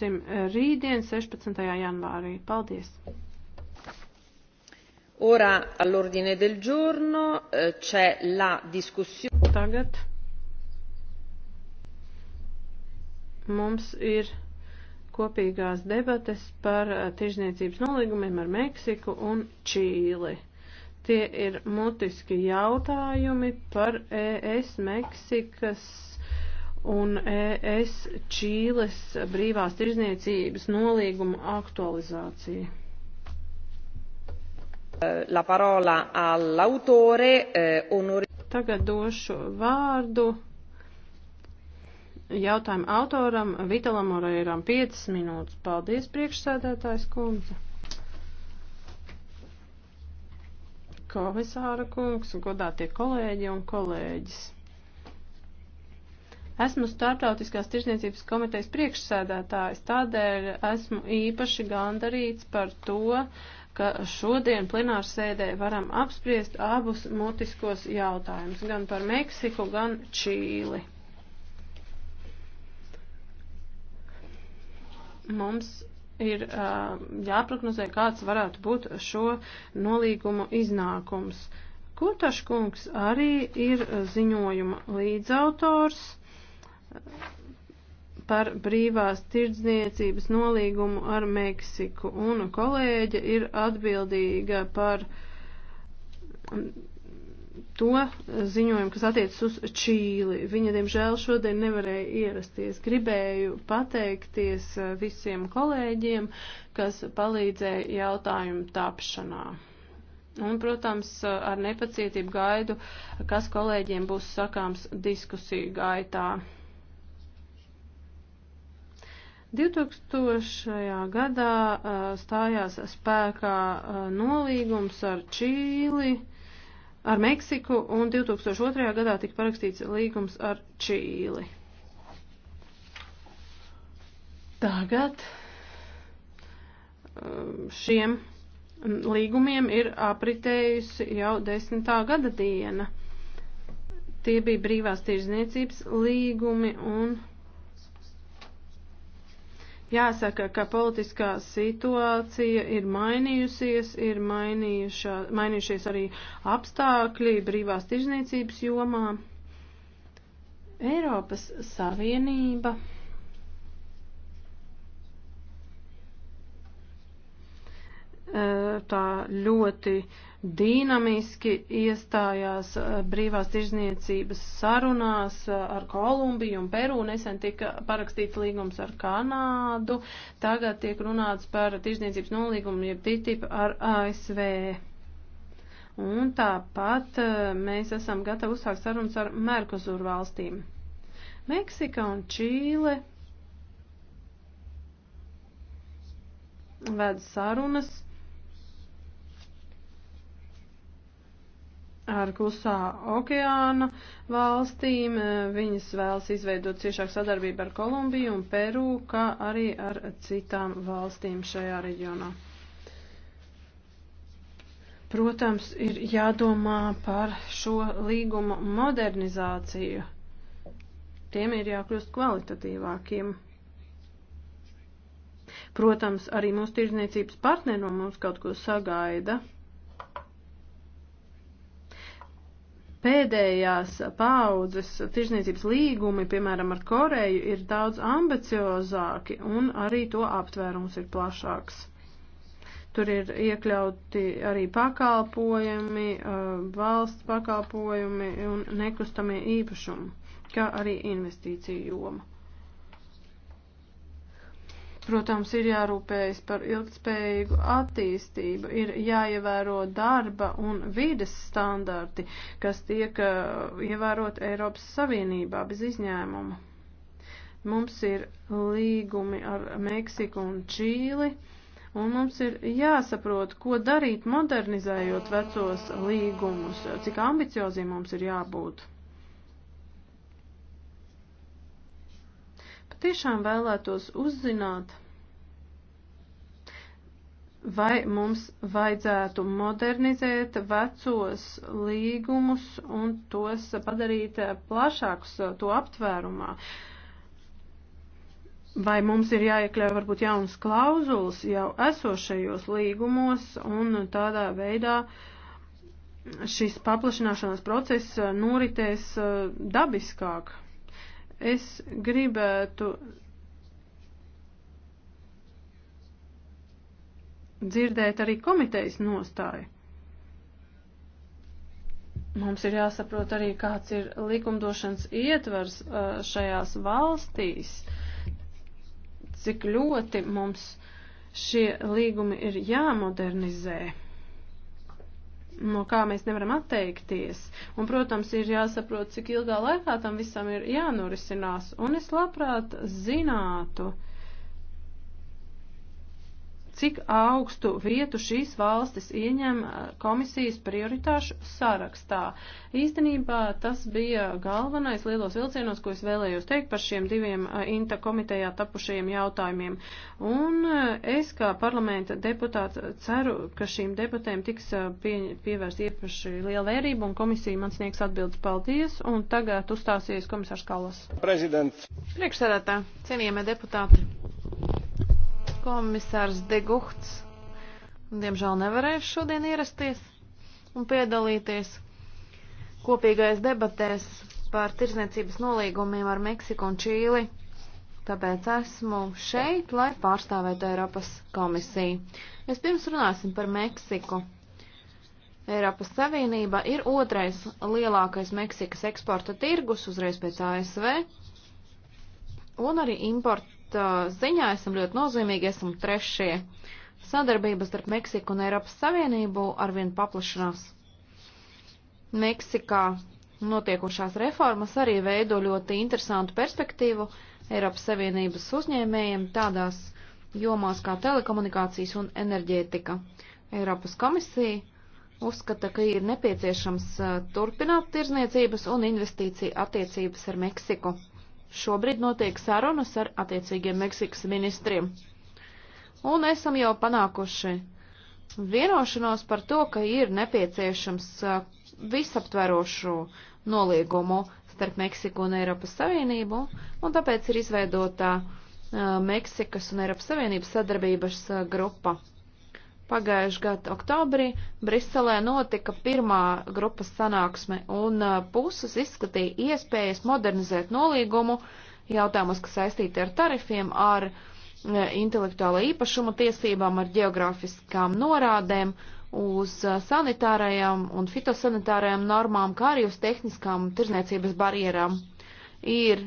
balsosim eh, rītdien, 16. janvārī. Paldies! Ora all'ordine del giorno eh, c'è la discussione. Tagad mums ir kopīgās debates par eh, tirzniecības nolīgumiem ar Meksiku un Čīli. Tie ir mutiski jautājumi par ES Meksikas un ES Čīles brīvās tirzniecības nolīguma aktualizācija. La parola all'autore, eh, onore... Tagad došu vārdu jautājumu autoram Vitalam Orēram 5 minūtes. Paldies, priekšsēdētājs kundze. Komisāra kungs, godātie kolēģi un kolēģis. Esmu Startautiskās tirzniecības komitejas priekšsēdētājs, tādēļ esmu īpaši gandarīts par to, ka šodien plenāru sēdē varam apspriest abus mutiskos jautājumus, gan par Meksiku, gan Čīli. Mums ir uh, jāprognozē, kāds varētu būt šo nolīgumu iznākums. Kutaškungs arī ir ziņojuma līdzautors par brīvās tirdzniecības nolīgumu ar Meksiku, un kolēģe ir atbildīga par um, to ziņojumu, kas attiecas uz Čīli. Viņa, diemžēl, šodien nevarēja ierasties. Gribēju pateikties uh, visiem kolēģiem, kas palīdzēja jautājumu tapšanā. Un, protams, uh, ar nepacietību gaidu, kas kolēģiem būs sakāms diskusiju gaitā. 2000. gadā stājās spēkā nolīgums ar Čīli, ar Meksiku, un 2002. gadā tika parakstīts līgums ar Čīli. Tagad šiem līgumiem ir apritējusi jau desmitā gada diena. Tie bija brīvās tirzniecības līgumi un Jāsaka, ka politiskā situācija ir mainījusies, ir mainījuša, mainījušies arī apstākļi brīvās tirzniecības jomā. Eiropas Savienība tā ļoti dīnamiski iestājās brīvās tirzniecības sarunās ar Kolumbiju un Peru. Nesen tika parakstīts līgums ar Kanādu. Tagad tiek runāts par tirzniecības nolīgumu, jeb TTIP ar ASV. Un tāpat mēs esam gatavi uzsākt sarunas ar Merkuzuru valstīm. Meksika un Čīle ved sarunas ar klusā okeāna valstīm. Viņas vēlas izveidot ciešāku sadarbību ar Kolumbiju un Peru, kā arī ar citām valstīm šajā reģionā. Protams, ir jādomā par šo līgumu modernizāciju. Tiem ir jākļūst kvalitatīvākiem. Protams, arī mūsu tirzniecības partneri no mums kaut ko sagaida. pēdējās paaudzes tirzniecības līgumi, piemēram, ar Koreju, ir daudz ambiciozāki un arī to aptvērums ir plašāks. Tur ir iekļauti arī pakalpojumi, valsts pakalpojumi un nekustamie īpašumi, kā arī investīciju joma. Protams, ir jārūpējas par ilgspējīgu attīstību, ir jāievēro darba un vides standarti, kas tiek uh, ievērot Eiropas Savienībā bez izņēmuma. Mums ir līgumi ar Meksiku un Čīli, un mums ir jāsaprot, ko darīt modernizējot vecos līgumus, cik ambiciozī mums ir jābūt. Tiešām vēlētos uzzināt, vai mums vajadzētu modernizēt vecos līgumus un tos padarīt plašākus to aptvērumā. Vai mums ir jāiekļauj varbūt jaunas klauzulas jau esošajos līgumos un tādā veidā šis paplašināšanās process noritēs dabiskāk? Es gribētu dzirdēt arī komitejas nostāju. Mums ir jāsaprot arī, kāds ir likumdošanas ietvers uh, šajās valstīs, cik ļoti mums šie līgumi ir jāmodernizē no kā mēs nevaram atteikties. Un, protams, ir jāsaprot, cik ilgā laikā tam visam ir jānorisinās. Un es labprāt zinātu, uh, cik augstu vietu šīs valstis ieņem eh, komisijas prioritāšu sarakstā. Īstenībā tas bija galvenais lielos vilcienos, ko es vēlējos teikt par šiem diviem eh, INTA komitejā tapušajiem jautājumiem. Un eh, es kā parlamenta deputāta ceru, ka šīm debatēm tiks pie, pievērst iepaši liela vērība un komisija man sniegs atbildes paldies. Un tagad uzstāsies komisārs Kalas. Prezidents. Priekšsēdētā, cienījamie deputāti. Komisārs Digukts, diemžēl nevarēs šodien ierasties un piedalīties kopīgais debatēs par tirzniecības nolīgumiem ar Meksiku un Čīli. Tāpēc esmu šeit, lai pārstāvētu Eiropas komisiju. Vispirms runāsim par Meksiku. Eiropas Savienība ir otrais lielākais Meksikas eksporta tirgus uzreiz pēc ASV, un arī import, ziņā esam ļoti nozīmīgi, esam trešie. Sadarbības starp Meksiku un Eiropas Savienību arvien paplašanās. Meksikā notiekošās reformas arī veido ļoti interesantu perspektīvu Eiropas Savienības uzņēmējiem tādās jomās kā telekomunikācijas un enerģētika. Eiropas komisija uzskata, ka ir nepieciešams turpināt tirzniecības un investīciju attiecības ar Meksiku. Šobrīd notiek sarunas ar attiecīgiem Meksikas ministriem. Un esam jau panākuši vienošanos par to, ka ir nepieciešams uh, visaptverošu noliegumu starp Meksiku un Eiropas Savienību, un tāpēc ir izveidotā uh, Meksikas un Eiropas Savienības sadarbības uh, grupa. Pagājušā gada oktobrī Briselē notika pirmā grupas sanāksme, un uh, puses izskatīja iespējas modernizēt nolīgumu jautājumus, kas saistīti ar tarifiem, ar uh, intelektuālo īpašuma tiesībām, ar geogrāfiskām norādēm, uz uh, sanitārajām un fitosanitārajām normām, kā arī uz tehniskām tirzniecības barjerām. Ir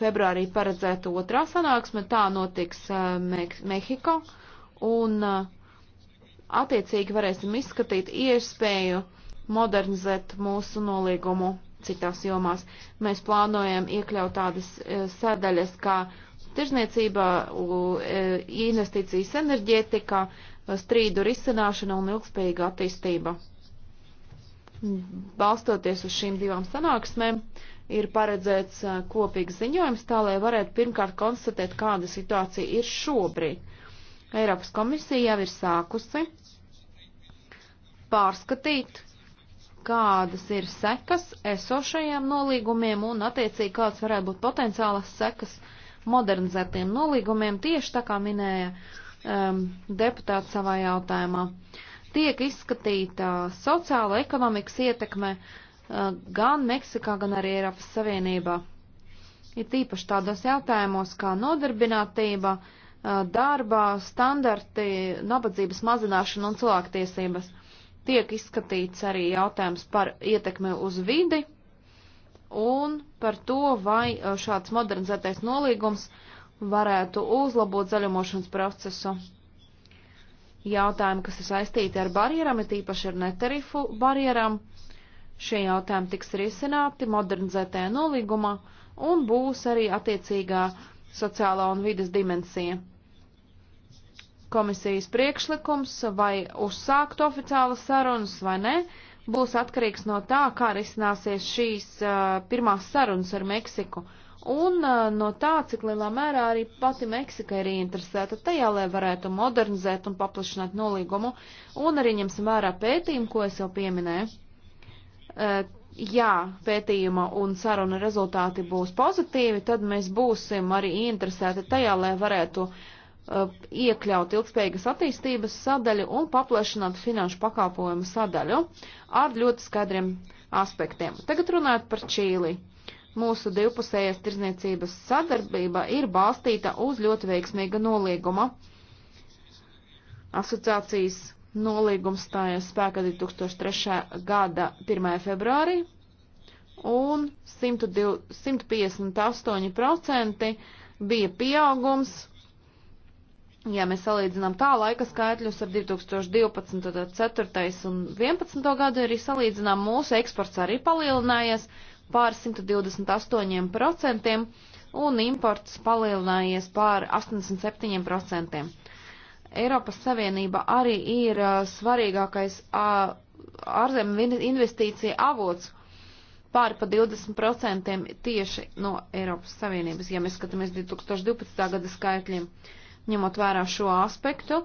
februārī paredzēta otrā sanāksme, tā notiks Mehiko, un uh, Attiecīgi varēsim izskatīt iespēju modernizēt mūsu nolīgumu citās jomās. Mēs plānojam iekļaut tādas e, sadaļas kā tirzniecība, e, investīcijas enerģētikā, strīdu risināšana un ilgspējīga attīstība. Balstoties uz šīm divām sanāksmēm, ir paredzēts e, kopīgs ziņojums tā, lai varētu pirmkārt konstatēt, kāda situācija ir šobrīd. Eiropas komisija jau ir sākusi pārskatīt, kādas ir sekas esošajiem nolīgumiem un attiecīgi kāds varētu būt potenciālas sekas modernizētiem nolīgumiem, tieši tā kā minēja um, deputāts savā jautājumā. Tiek izskatīta sociāla ekonomikas ietekme uh, gan Meksikā, gan arī Eiropas Savienībā. Ir tīpaši tādos jautājumos kā nodarbinātība, uh, darba standarti, nabadzības mazināšana un cilvēktiesības. Tiek izskatīts arī jautājums par ietekmi uz vidi un par to, vai šāds modernizētais nolīgums varētu uzlabot zaļumošanas procesu. Jautājumi, kas ir saistīti ar barjerām, ir tīpaši ar netarifu barjerām. Šie jautājumi tiks risināti modernizētajā nolīgumā un būs arī attiecīgā sociālā un vidas dimensija komisijas priekšlikums, vai uzsākt oficiālas sarunas vai ne, būs atkarīgs no tā, kā risināsies šīs uh, pirmās sarunas ar Meksiku. Un uh, no tā, cik lielā mērā arī pati Meksika ir interesēta tajā, lai varētu modernizēt un paplašināt nolīgumu, un arī ņemsim vērā pētījumu, ko es jau pieminēju. Uh, jā, pētījuma un saruna rezultāti būs pozitīvi, tad mēs būsim arī interesēti tajā, lai varētu uh, Uh, iekļaut ilgspējīgas attīstības sadaļu un paplašināt finanšu pakāpojumu sadaļu ar ļoti skaidriem aspektiem. Tagad runājot par Čīli. Mūsu divpusējās tirzniecības sadarbība ir balstīta uz ļoti veiksmīga nolīguma. Asociācijas nolīgums stājās spēkā 2003. gada 1. februārī un 158% bija pieaugums ja mēs salīdzinām tā laika skaitļus ar 2012, 2004 un 2011 gadu, arī salīdzinām mūsu eksports arī palielinājies pār 128% un imports palielinājies pār 87%. Eiropas Savienība arī ir uh, svarīgākais uh, ārzemju investīcija avots pāri pa 20% tieši no Eiropas Savienības, ja mēs skatāmies 2012. gada skaitļiem. Uh, Ņemot vērā šo aspektu,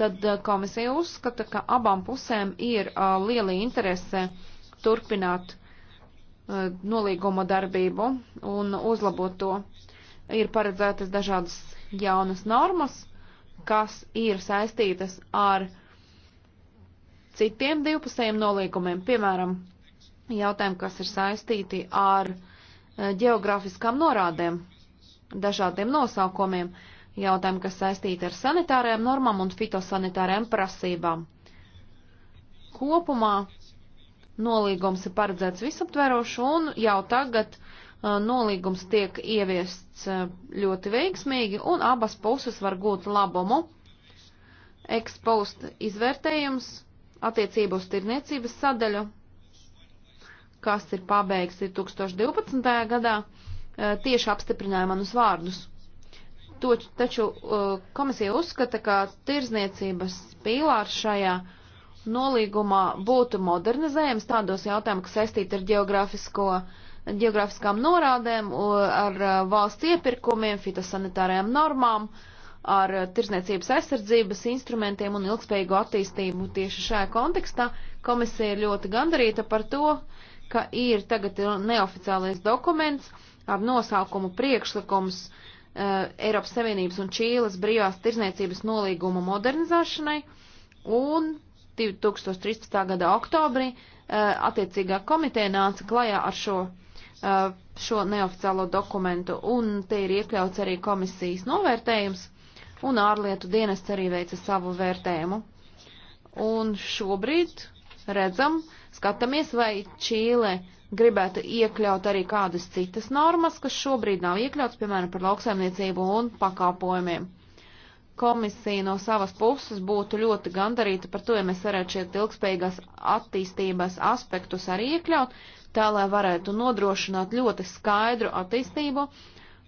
tad eh, komisija uzskata, ka abām pusēm ir uh, liela interese turpināt uh, nolīguma darbību un uzlabot to. Ir paredzētas dažādas jaunas normas, kas ir saistītas ar citiem divpusējiem nolīgumiem, piemēram, jautājumi, kas ir saistīti ar ģeogrāfiskām norādēm, dažādiem nosaukumiem. Uh, jautājumi, kas saistīti ar sanitārajām normām un fitosanitārajām prasībām. Kopumā nolīgums ir paredzēts visaptverošs un jau tagad uh, nolīgums tiek ieviests uh, ļoti veiksmīgi un abas puses var gūt labumu. Ekspost izvērtējums attiecību uz tirniecības sadaļu, kas ir pabeigts 2012. gadā, uh, tieši apstiprināja manus vārdus. To, taču uh, komisija uzskata, ka tirzniecības pīlārs šajā nolīgumā būtu modernizējams tādos jautājumos, kas saistīti ar geogrāfisko, geogrāfiskām norādēm, ar uh, valsts iepirkumiem, fitosanitārajām normām, ar uh, tirzniecības aizsardzības instrumentiem un ilgspējīgu attīstību. Tieši šajā kontekstā komisija ir ļoti gandarīta par to, ka ir tagad neoficiālais dokuments ar nosaukumu priekšlikums uh, Eh, Eiropas Savienības un Čīles brīvās tirzniecības nolīguma modernizēšanai, un 2013. gada oktobrī eh, attiecīgā komiteja nāca klajā ar šo, eh, šo neoficiālo dokumentu, un te ir iekļauts arī komisijas novērtējums, un ārlietu dienests arī veica savu vērtējumu. Un šobrīd redzam, skatāmies, vai Čīle uh, gribētu iekļaut arī kādas citas normas, kas šobrīd nav iekļauts, piemēram, par lauksaimniecību un pakāpojumiem. Komisija no savas puses būtu ļoti gandarīta par to, ja mēs varētu šeit ilgspējīgās attīstības aspektus arī iekļaut, tā lai varētu nodrošināt ļoti skaidru attīstību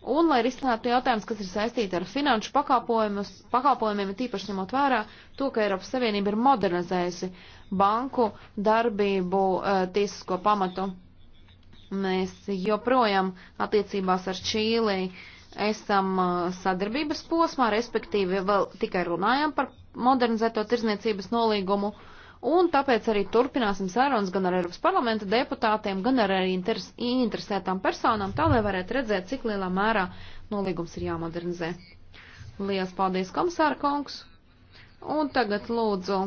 un lai risinātu jautājumus, kas ir saistīti ar finanšu pakalpojumiem, tīpaši ņemot vērā to, ka Eiropas Savienība ir modernizējusi banku darbību eh, tiesisko pamatu. Mēs joprojām attiecībās ar Čīliju esam sadarbības posmā, respektīvi vēl tikai runājam par modernizēto tirzniecības nolīgumu, un tāpēc arī turpināsim sarunas gan ar Eiropas parlamenta deputātiem, gan ar arī interes, interesētām personām, tā lai varētu redzēt, cik lielā mērā nolīgums ir jāmodernizē. Lielas paldies, komisāra kungs! Un tagad lūdzu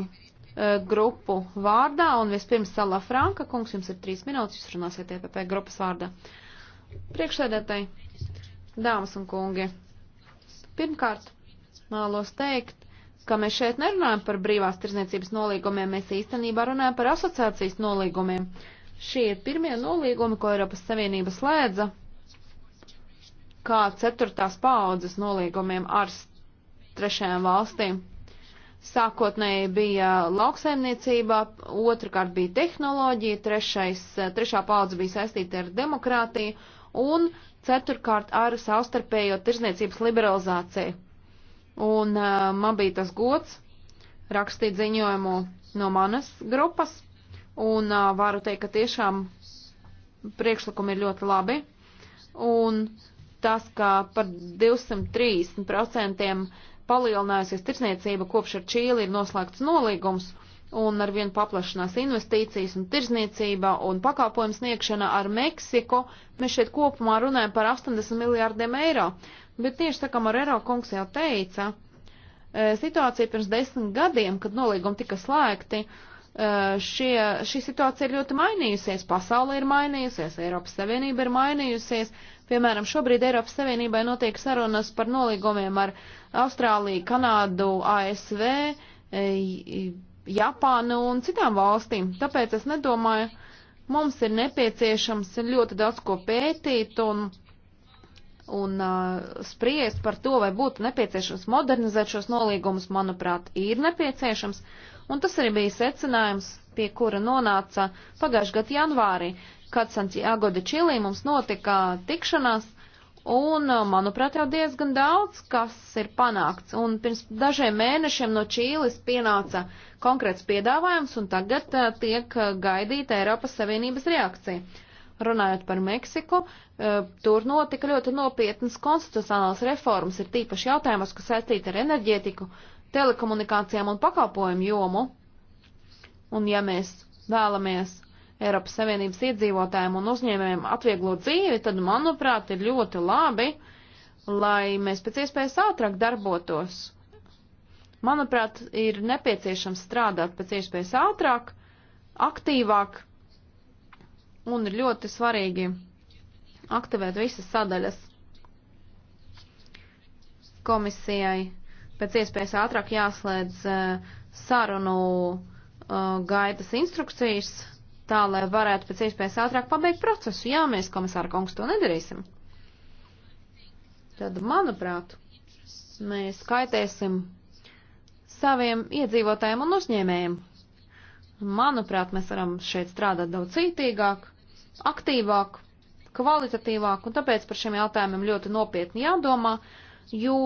Eh, grupu vārdā, un vispirms Salā Franka kungs, jums ir trīs minūtes, jūs runāsiet EPP grupas vārdā. Priekšsēdētāji, dāmas un kungi, pirmkārt, vēlos teikt, ka mēs šeit nerunājam par brīvās tirzniecības nolīgumiem, mēs īstenībā runājam par asociācijas nolīgumiem. Šie ir pirmie nolīgumi, ko Eiropas Savienība slēdza kā ceturtās paaudzes nolīgumiem ar trešajām valstīm. Sākotnēji bija lauksaimniecība, otrkārt bija tehnoloģija, trešais, trešā paudze bija saistīta ar demokrātiju un ceturkārt ar savstarpējo tirzniecības liberalizāciju. Un uh, man bija tas gods rakstīt ziņojumu no manas grupas, un uh, varu teikt, ka tiešām priekšlikumi ir ļoti labi. Un tas, ka par 230% palielinājusies tirsniecība kopš ar Čīli ir noslēgts nolīgums un arvien paplašinās investīcijas un tirzniecība un pakāpojums sniegšana ar Meksiku. Mēs šeit kopumā runājam par 80 miljārdiem eiro, bet tieši tā kā Marero kungs jau teica, e, situācija pirms desmit gadiem, kad nolīgumi tika slēgti, uh, Eh, šie, šī situācija ir ļoti mainījusies, pasaule ir mainījusies, Eiropas Savienība ir mainījusies. Piemēram, šobrīd Eiropas Savienībai notiek sarunas par nolīgumiem ar Austrāliju, Kanādu, ASV, eh, Japānu un citām valstīm. Tāpēc es nedomāju, mums ir nepieciešams ļoti daudz ko pētīt un, un uh, spriest par to, vai būtu nepieciešams modernizēt šos nolīgumus, manuprāt, ir nepieciešams. Uh, Un tas arī bija secinājums, pie kura nonāca pagājušajā gadā janvārī, kad Santiago de Čilī mums notika tikšanās. Un, uh, manuprāt, jau diezgan daudz, kas ir panākts. Un pirms dažiem mēnešiem no Čīles pienāca konkrēts piedāvājums, un tagad uh, tiek uh, gaidīta Eiropas Savienības reakcija. Runājot par Meksiku, uh, tur notika ļoti nopietnas konstitucionālas reformas, ir tīpaši jautājumas, kas saistīti ar enerģētiku telekomunikācijām un pakalpojumu jomu. Un ja mēs vēlamies Eiropas Savienības iedzīvotājiem un uzņēmējiem atvieglot dzīvi, tad, manuprāt, ir ļoti labi, lai mēs pēc iespējas ātrāk darbotos. Manuprāt, ir nepieciešams strādāt pēc iespējas ātrāk, aktīvāk un ir ļoti svarīgi aktivēt visas sadaļas komisijai pēc iespējas ātrāk jāslēdz eh, sarunu eh, gaitas instrukcijas, tā lai varētu pēc iespējas ātrāk pabeigt procesu. Jā, mēs, komisāra kungs, to nedarīsim. Tad, manuprāt, mēs kaitēsim saviem iedzīvotājiem un uzņēmējiem. Manuprāt, mēs varam šeit strādāt daudz cītīgāk, aktīvāk, kvalitatīvāk, un tāpēc par šiem jautājumiem ļoti nopietni jādomā, jo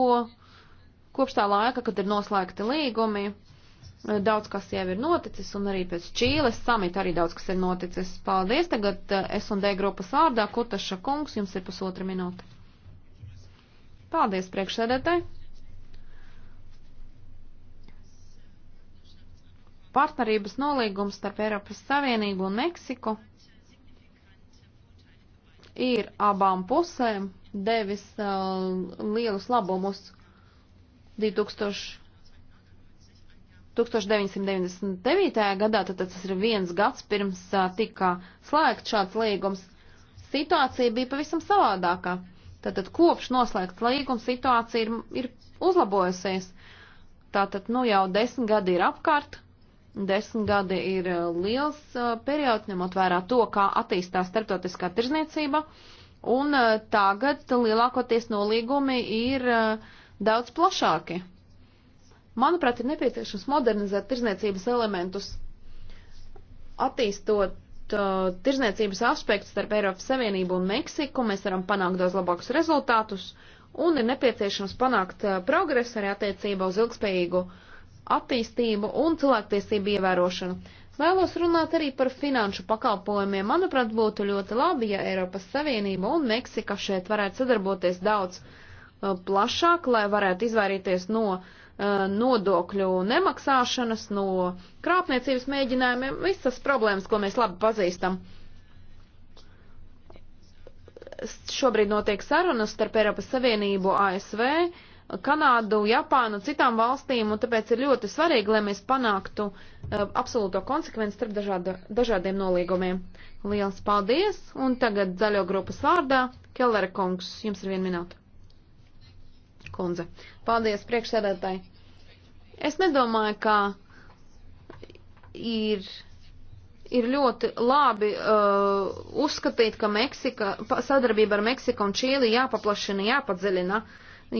Kopš tā laika, kad ir noslēgti līgumi, eh, daudz kas jau ir noticis, un arī pēc Čīles samita arī daudz kas ir noticis. Paldies tagad eh, S&D grupas vārdā, Kutaša kungs, jums ir pusotra minūte. Paldies priekšsēdētāji. Partnerības nolīgums starp Eiropas Savienību un Meksiku ir abām pusēm devis uh, lielus labumus 2000. 1999. gadā, tad tas ir viens gads pirms tika slēgts šāds līgums, situācija bija pavisam savādākā. Tātad kopš noslēgts līgums situācija ir, ir uzlabojusies. Tātad, nu jau desmit gadi ir apkārt, desmit gadi ir liels uh, periods, ņemot vērā to, kā attīstās starptautiskā tirzniecība, un uh, tagad lielākoties nolīgumi ir uh, daudz plašāki. Manuprāt, ir nepieciešams modernizēt tirzniecības elementus, attīstot uh, tirzniecības aspektus starp Eiropas Savienību un Meksiku, mēs varam panākt daudz labākus rezultātus, un ir nepieciešams panākt uh, progresu arī attiecībā uz ilgspējīgu attīstību un cilvēktiesību ievērošanu. Vēlos runāt arī par finanšu pakalpojumiem. Manuprāt, būtu ļoti labi, ja Eiropas Savienība un Meksika šeit varētu sadarboties daudz Uh, plašāk, lai varētu izvairīties no uh, nodokļu nemaksāšanas, no krāpniecības mēģinājumiem, visas problēmas, ko mēs labi pazīstam. Šobrīd notiek sarunas starp Eiropas Savienību, ASV, Kanādu, Japānu, citām valstīm, un tāpēc ir ļoti svarīgi, lai mēs panāktu uh, absolūto konsekvenci starp dažāda, dažādiem nolīgumiem. Liels paldies, un tagad zaļo grupas vārdā Kellera kungs, jums ir viena minūte kundze. Paldies, priekšsēdētāji. Es nedomāju, ka ir, ir ļoti labi uh, uzskatīt, ka Meksika, sadarbība ar Meksiku un Čīli jāpaplašina, jāpadziļina,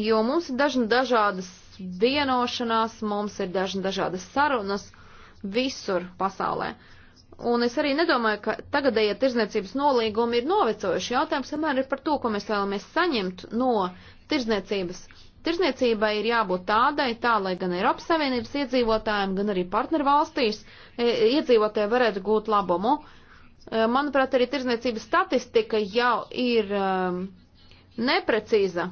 jo mums ir dažna dažādas vienošanās, mums ir dažna dažādas sarunas visur pasaulē. Un es arī nedomāju, ka tagadējie ja tirzniecības nolīgumi ir novecojuši. Jautājums vienmēr ir par to, ko mēs vēlamies saņemt no tirzniecības. Tirzniecībai ir jābūt tādai, tā lai gan Eiropas Savienības iedzīvotājiem, gan arī partnervalstīs e, iedzīvotāji varētu gūt labumu. E, manuprāt, arī tirzniecības statistika jau ir um, neprecīza.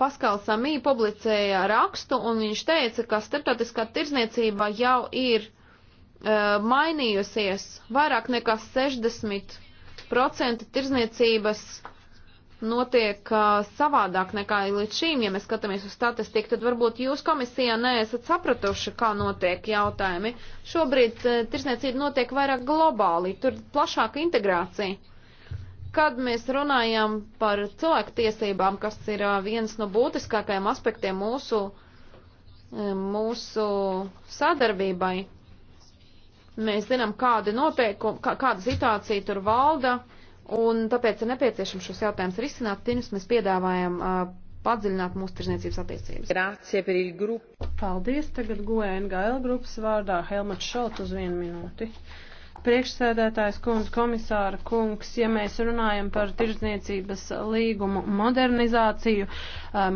Paskals Samī publicēja rakstu, un viņš teica, ka starptautiskā tirzniecība jau ir uh, mainījusies vairāk nekā 60% tirzniecības uh, notiek uh, savādāk nekā līdz šīm. Ja mēs skatāmies uz statistiku, tad varbūt jūs komisijā neesat sapratuši, kā notiek jautājumi. Šobrīd uh, tirsniecība notiek vairāk globāli, tur plašāka integrācija. Kad mēs runājam par cilvēku tiesībām, kas ir uh, viens no būtiskākajiem aspektiem mūsu, um, mūsu sadarbībai, mēs zinām, kāda, noteikuma, kā, kāda situācija tur valda Un tāpēc ir nepieciešams šos jautājumus risināt, pirms mēs piedāvājam uh, padziļināt mūsu tirzniecības attiecības. Paldies, tagad GNGL grupas vārdā Helmut Šalt uz vienu minūti. Priekšsēdētājs kundz, komisāra kungs, ja mēs runājam par tirdzniecības līgumu modernizāciju,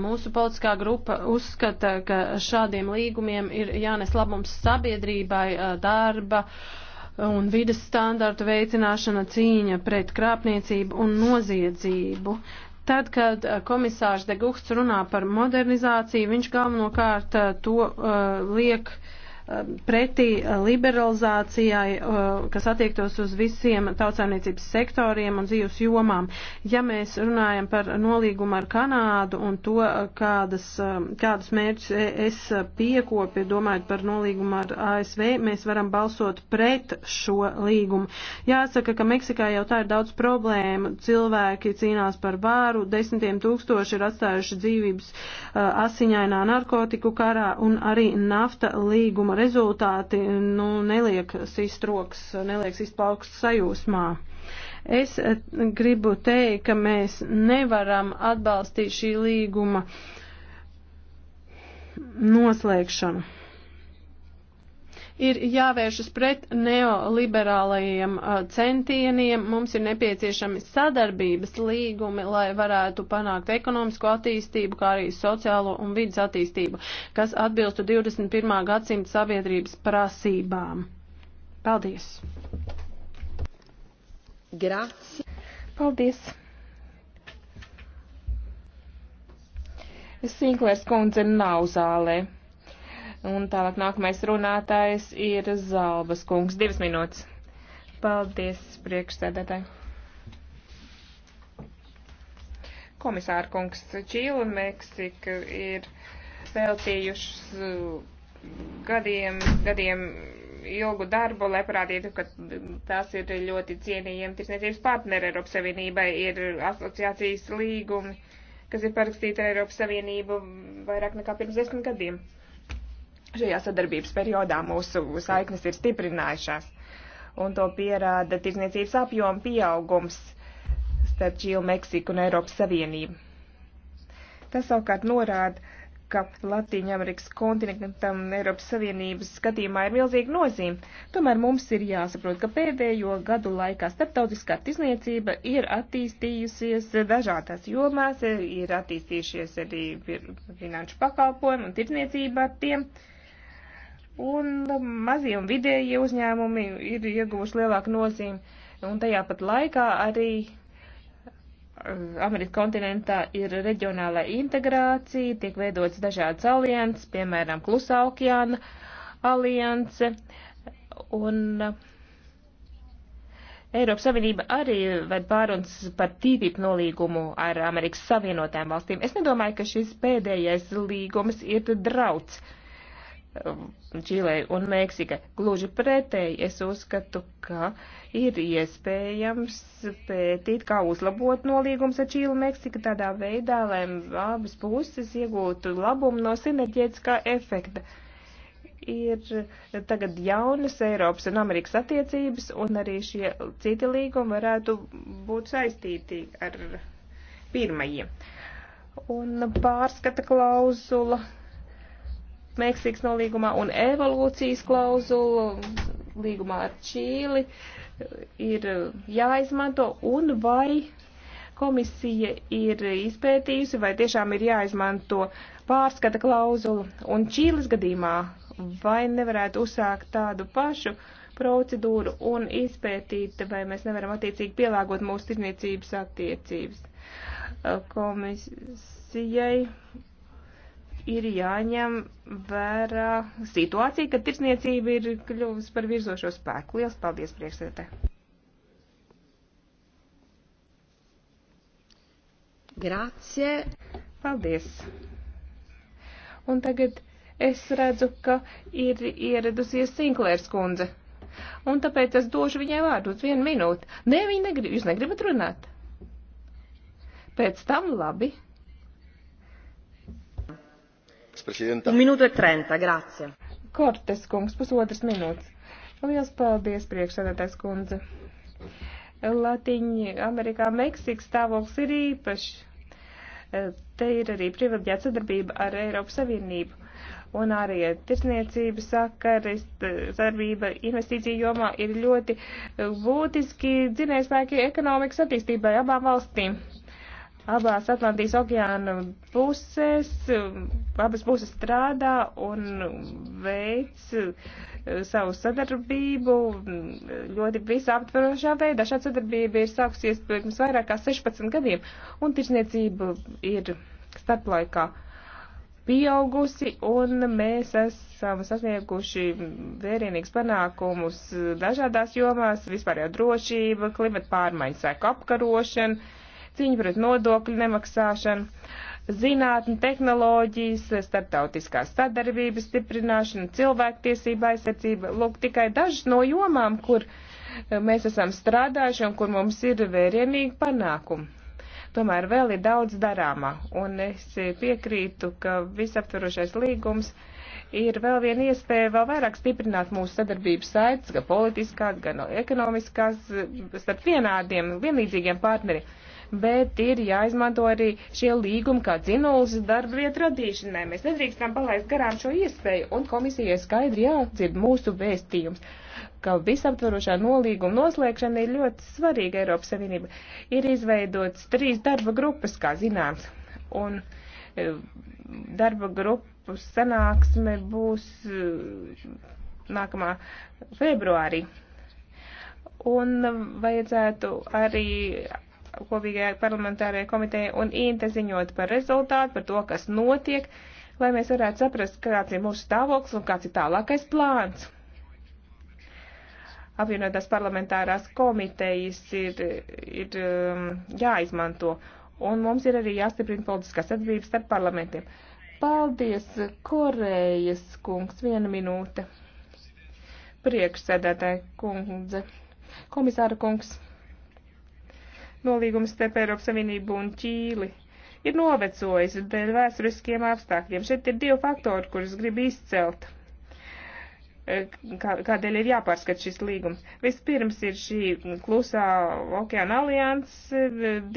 mūsu politiskā grupa uzskata, ka šādiem līgumiem ir jānes labums sabiedrībai, darba, uh, un vides standartu veicināšana cīņa pret krāpniecību un noziedzību. Tad, kad eh, komisārs Degukts runā par modernizāciju, viņš galvenokārt eh, to uh, liek uh, Um, pretī uh, liberalizācijai, uh, kas attiektos uz visiem tautsāniecības sektoriem un dzīves jomām. Ja mēs runājam par nolīgumu ar Kanādu un to, uh, kādas, um, kādus mērķus e- es piekopju, domājot par nolīgumu ar ASV, mēs varam balsot pret šo līgumu. Jāsaka, ka Meksikā jau tā ir daudz problēmu. Cilvēki cīnās par vāru, desmitiem tūkstoši ir atstājuši dzīvības asiņainā narkotiku karā un arī nafta līguma pasākumu rezultāti nu, neliek sist rokas, neliek sist paukstu sajūsmā. Es eh, gribu teikt, ka mēs nevaram atbalstīt šī līguma noslēgšanu ir jāvēršas pret neoliberālajiem uh, centieniem, mums ir nepieciešami sadarbības līgumi, lai varētu panākt ekonomisko attīstību, kā arī sociālo un vidas attīstību, kas atbilstu 21. gadsimta sabiedrības prasībām. Paldies! Grazie. Paldies! Sinklērs kundze nav zālē. Un tālāk nākamais runātājs ir Zalbas kungs. Divas minūtes. Paldies, priekšsēdētāji. Komisāra kungs Čīla un Meksika ir veltījušas uh, gadiem, gadiem ilgu darbu, lai parādītu, ka tās ir ļoti cienījami tirsniecības partneri Eiropas Savienībai, ir asociācijas līgumi, kas ir parakstīti Eiropas Savienību vairāk nekā pirms desmit gadiem. Šajā sadarbības periodā mūsu saiknes ir stiprinājušās, un to pierāda tirzniecības apjoma pieaugums starp Čīlu, Meksiku un Eiropas Savienību. Tas savukārt norāda, ka Latīņa Amerikas kontinentam Eiropas Savienības skatījumā ir milzīga nozīme. Tomēr mums ir jāsaprot, ka pēdējo gadu laikā starptautiskā tirzniecība ir attīstījusies dažādās jomās, ir attīstījušies arī finanšu pakalpojumi un tirzniecība ar tiem. Uh, un mazie un vidējie uzņēmumi ir ieguvuši lielāku nozīmi, un tajā pat laikā arī eh, Amerikas kontinentā ir reģionālā integrācija, tiek veidots dažādas alianses, piemēram, Klusā okeāna alianse, un eh, Eiropas Savienība arī ved pārunas par tītību nolīgumu ar Amerikas Savienotēm valstīm. Es nedomāju, ka šis pēdējais līgums ir drauds. Uh, Čilei un Meksika. Gluži pretēji, es uzskatu, ka ir iespējams pētīt, kā uzlabot nolīgums ar Čīlu Meksika tādā veidā, lai abas puses iegūtu labumu no sinerģētiskā efekta. Ir tagad jaunas Eiropas un Amerikas attiecības, un arī šie citi līgumi varētu būt saistīti ar pirmajiem. Un pārskata klauzula Meksikas nolīgumā un evolūcijas klauzulu līgumā ar Čīli ir jāizmanto un vai komisija ir izpētījusi, vai tiešām ir jāizmanto pārskata klauzulu un Čīles gadījumā, vai nevarētu uzsākt tādu pašu procedūru un izpētīt, vai mēs nevaram attiecīgi pielāgot mūsu tirniecības attiecības komisijai ir jāņem vērā situācija, ka tirsniecība ir kļuvusi par virzošo spēku. Lielas paldies, priekšsēdētē! Grācie! Paldies! Un tagad es redzu, ka ir ieradusies Sinklērs kundze. Un tāpēc es došu viņai vārdu uz vienu minūti. Nē, viņa negrib. Jūs negribat runāt? Pēc tam labi. Kortes kungs, pusotras minūtes. Lielas paldies, priekšsēdētājs kundze. Latīņa Amerikā Meksikas stāvoklis ir īpašs. Te ir arī privileģēta sadarbība ar Eiropas Savienību. Un arī tirsniecības sakari, sadarbība investīciju jomā ir ļoti būtiski dzinējspēki ekonomikas attīstībai abām valstīm abās Atlantijas okeāna pusēs, abas puses strādā un veic eh, savu sadarbību mm, ļoti visaptverošā veidā. Šāda sadarbība ir sākusies pirms vairāk kā 16 gadiem, un tirsniecība ir starplaikā pieaugusi, un mēs esam sasnieguši vērienīgus panākumus dažādās jomās - vispārējā drošība, klimata pārmaiņas, sēku apkarošana cīņa pret nodokļu nemaksāšanu, zinātni, tehnoloģijas, starptautiskās sadarbības stiprināšana, cilvēktiesība aizsardzība. Lūk, tikai dažas no jomām, kur eh, mēs esam strādājuši un kur mums ir vērienīgi panākumi. Tomēr vēl ir daudz darāmā, un es piekrītu, ka visaptvarošais līgums ir vēl viena iespēja vēl vairāk stiprināt mūsu sadarbības saites, gan politiskās, gan ekonomiskās, starp vienādiem, vienlīdzīgiem partneriem bet ir jāizmanto arī šie līgumi kā dzinulis darba vietu radīšanai. Mēs nedrīkstam palaist garām šo iespēju, un komisijai skaidri jādzird mūsu vēstījums ka visaptvarošā nolīguma noslēgšana ir ļoti svarīga Eiropas Savienība. Ir izveidots trīs darba grupas, kā zināms, un e, darba grupu sanāksme būs e, nākamā februārī. Un vajadzētu arī kopīgajai parlamentārajai komitejai un Inte ziņot par rezultātu, par to, kas notiek, lai mēs varētu saprast, kāds ir mūsu stāvoklis un kāds ir tālākais plāns. Apvienotās parlamentārās komitejas ir, ir um, jāizmanto, un mums ir arī jāstiprina politiskās sadarbības starp parlamentiem. Paldies, Korejas kungs, viena minūte. Priekšsēdētāja kundze, komisāra kungs nolīgums starp Eiropas Savienību un Ķīli ir novecojis dēļ vēsturiskiem apstākļiem. Šeit ir divi faktori, kurus grib izcelt, e, kādēļ ir jāpārskat šis līgums. Vispirms ir šī klusā okeāna alianse,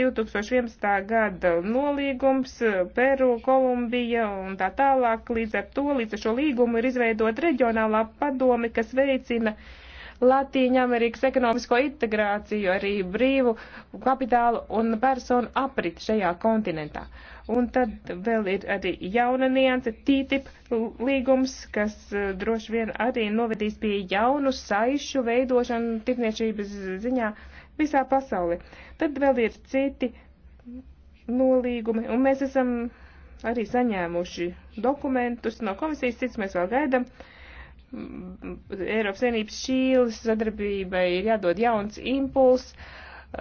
2011. E, gada nolīgums, e, Peru, Kolumbija un tā tālāk. Līdz ar to, līdz ar šo līgumu ir izveidot reģionālā padome, kas veicina uh, Latīņamerikas ekonomisko integrāciju, arī brīvu kapitālu un personu aprit šajā kontinentā. Un tad vēl ir arī jauna nianse TTIP līgums, kas e, droši vien arī novedīs pie jaunu saišu veidošanu tirniecības ziņā visā pasaulē. Tad vēl ir citi nolīgumi, un mēs esam arī saņēmuši dokumentus no komisijas, cits mēs vēl gaidam. Uh, Eiropas Savienības šīles sadarbībai ir jādod jauns impuls,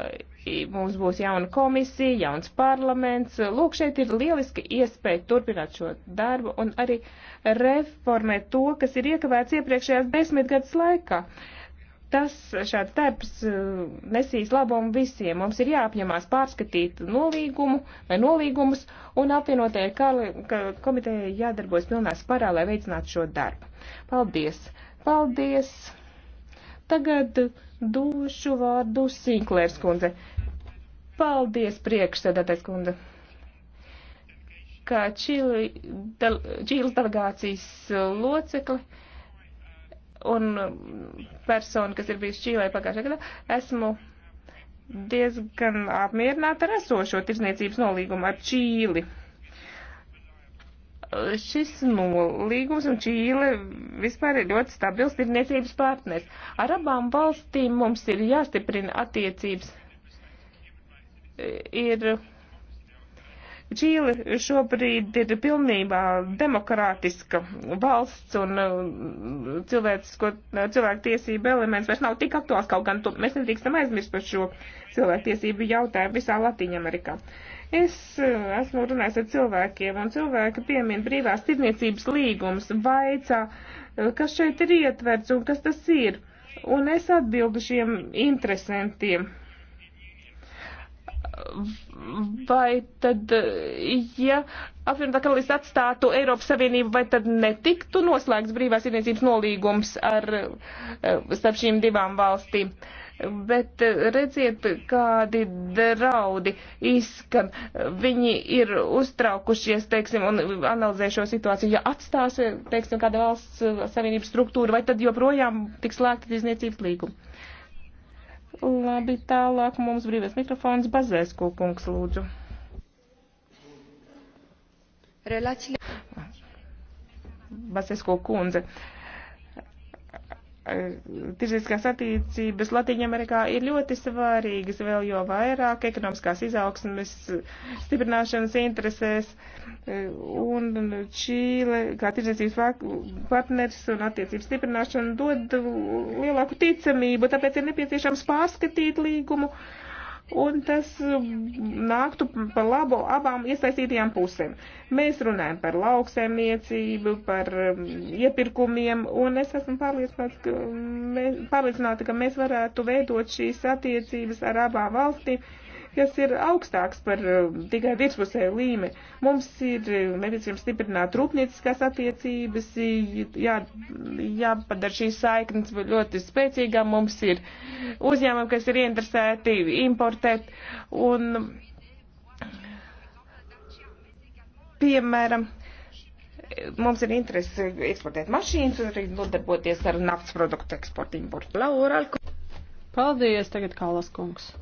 eh, mums būs jauna komisija, jauns parlaments. Lūk, šeit ir lieliski iespēja turpināt šo darbu un arī reformēt to, kas ir iekavēts iepriekšējās desmitgades laikā. Uh, tas šāds darbs eh, nesīs labumu visiem. Mums ir jāapņemās pārskatīt nolīgumu vai nolīgumus un apvienotajai komitejai jādarbojas pilnā sparā, lai veicinātu šo darbu. Paldies! Paldies! Tagad došu vārdu Sinklērs kundze. Paldies, priekšsēdētais kundze! Kā Čīles delegācijas locekli un persona, kas ir bijusi Čīlē pagājušajā gadā, esmu diezgan apmierināta ar esošo tirzniecības nolīgumu ar Čīli. Šis nolīgums un Čīle vispār ir ļoti stabils tirzniecības partners. Ar abām valstīm mums ir jāstiprina attiecības. Ir Čīle šobrīd ir pilnībā demokrātiska valsts un uh, uh, cilvēku tiesību elements vairs nav tik aktuāls, kaut gan to, mēs nedrīkstam aizmirst par šo cilvēku tiesību jautājumu visā Latīņamerikā. Es uh, esmu runājis ar cilvēkiem, un cilvēki piemin brīvās tirniecības līgums, vaicā, kas šeit ir ietverts un kas tas ir. Un es atbildu šiem interesantiem vai tad, ja apvienotā karalista atstātu Eiropas Savienību, vai tad netiktu noslēgts brīvās tirdzniecības nolīgums ar, eh, starp šīm divām valstīm? Bet eh, redziet, kādi draudi izskan. Viņi ir uztraukušies, teiksim, un analizē šo situāciju. Ja atstās, eh, teiksim, kāda valsts savienības struktūra, vai tad joprojām tiks slēgta tirdzniecības līguma? Labi, tālāk mums brīvais mikrofons Bazēsko kungs lūdzu. Relācija. Bazēsko kundze. Uh, Eh, tirdzniecības attiecības Latvijā ir ļoti svarīgas, vēl jo vairāk ekonomiskās izaugsmes stiprināšanas interesēs. Eh, un Čīle, kā tirdzniecības partners un attiecības stiprināšana, dod lielāku ticamību, tāpēc ir nepieciešams pārskatīt līgumu. Uh, un tas um, nāktu par labu abām iesaistītajām pusēm. Mēs runājam par lauksēmniecību, par um, iepirkumiem, un es esmu pārliecināta, ka um, mēs, pārliecināta, ka mēs varētu veidot šīs attiecības ar abām valstīm kas ir augstāks par um, tikai virspusēju līmeni. Mums ir um, nepieciešams stiprināt rūpnieciskās attiecības, jā, jāpadara šīs saiknes ļoti spēcīgām. Mums ir uzņēmumi, kas ir ieinteresēti importēt un, piemēram, mums ir interese eksportēt mašīnas un arī nodarboties ar naftas produktu eksportu importu. Paldies, tagad Kalas kungs.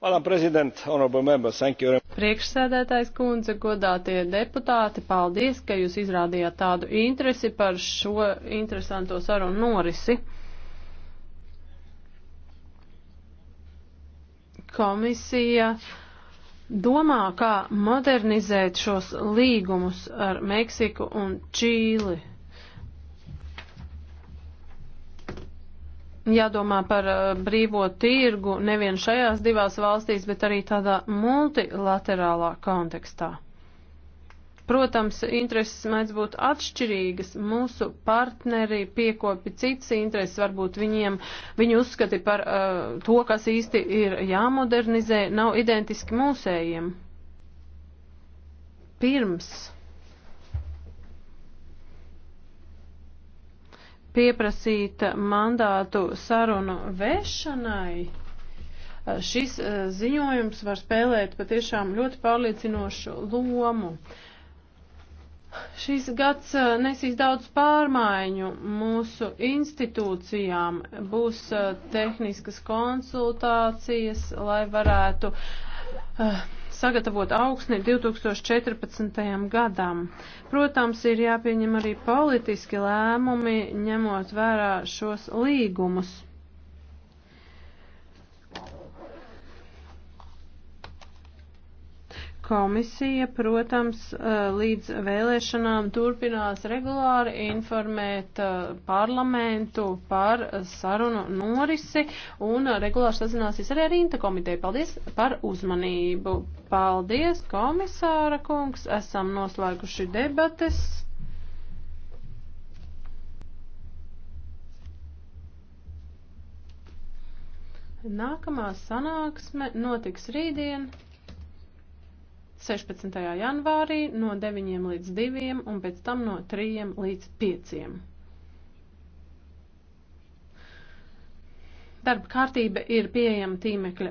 Priekšsēdētājs kundze, godātie deputāti, paldies, ka jūs izrādījāt tādu interesi par šo interesanto sarunu norisi. Komisija domā, kā modernizēt šos līgumus ar Meksiku un Čīli. jādomā par uh, brīvo tirgu nevien šajās divās valstīs, bet arī tādā multilaterālā kontekstā. Protams, intereses mēdz būt atšķirīgas. Mūsu partneri piekopi citas intereses, varbūt viņiem, viņu uzskati par uh, to, kas īsti ir jāmodernizē, nav identiski mūsējiem. Pirms pieprasīt mandātu sarunu vešanai, šis eh, ziņojums var spēlēt patiešām ļoti pārliecinošu lomu. Šis gads eh, nesīs daudz pārmaiņu mūsu institūcijām. Būs eh, tehniskas konsultācijas, lai varētu uh, Ah, sagatavot augsni 2014. gadam. Protams, ir jāpieņem arī politiski lēmumi, ņemot vērā šos līgumus. Komisija, protams, eh, līdz vēlēšanām turpinās regulāri informēt eh, parlamentu par sarunu norisi un regulāri sazināsies arī ar Inta komiteju. Paldies par uzmanību. Paldies, komisāra kungs. Esam noslēguši debates. Nākamā sanāksme notiks rītdien. 16. janvārī no 9 līdz 2 un pēc tam no 3 līdz 5. Darba kārtība ir pieejama tīmekļa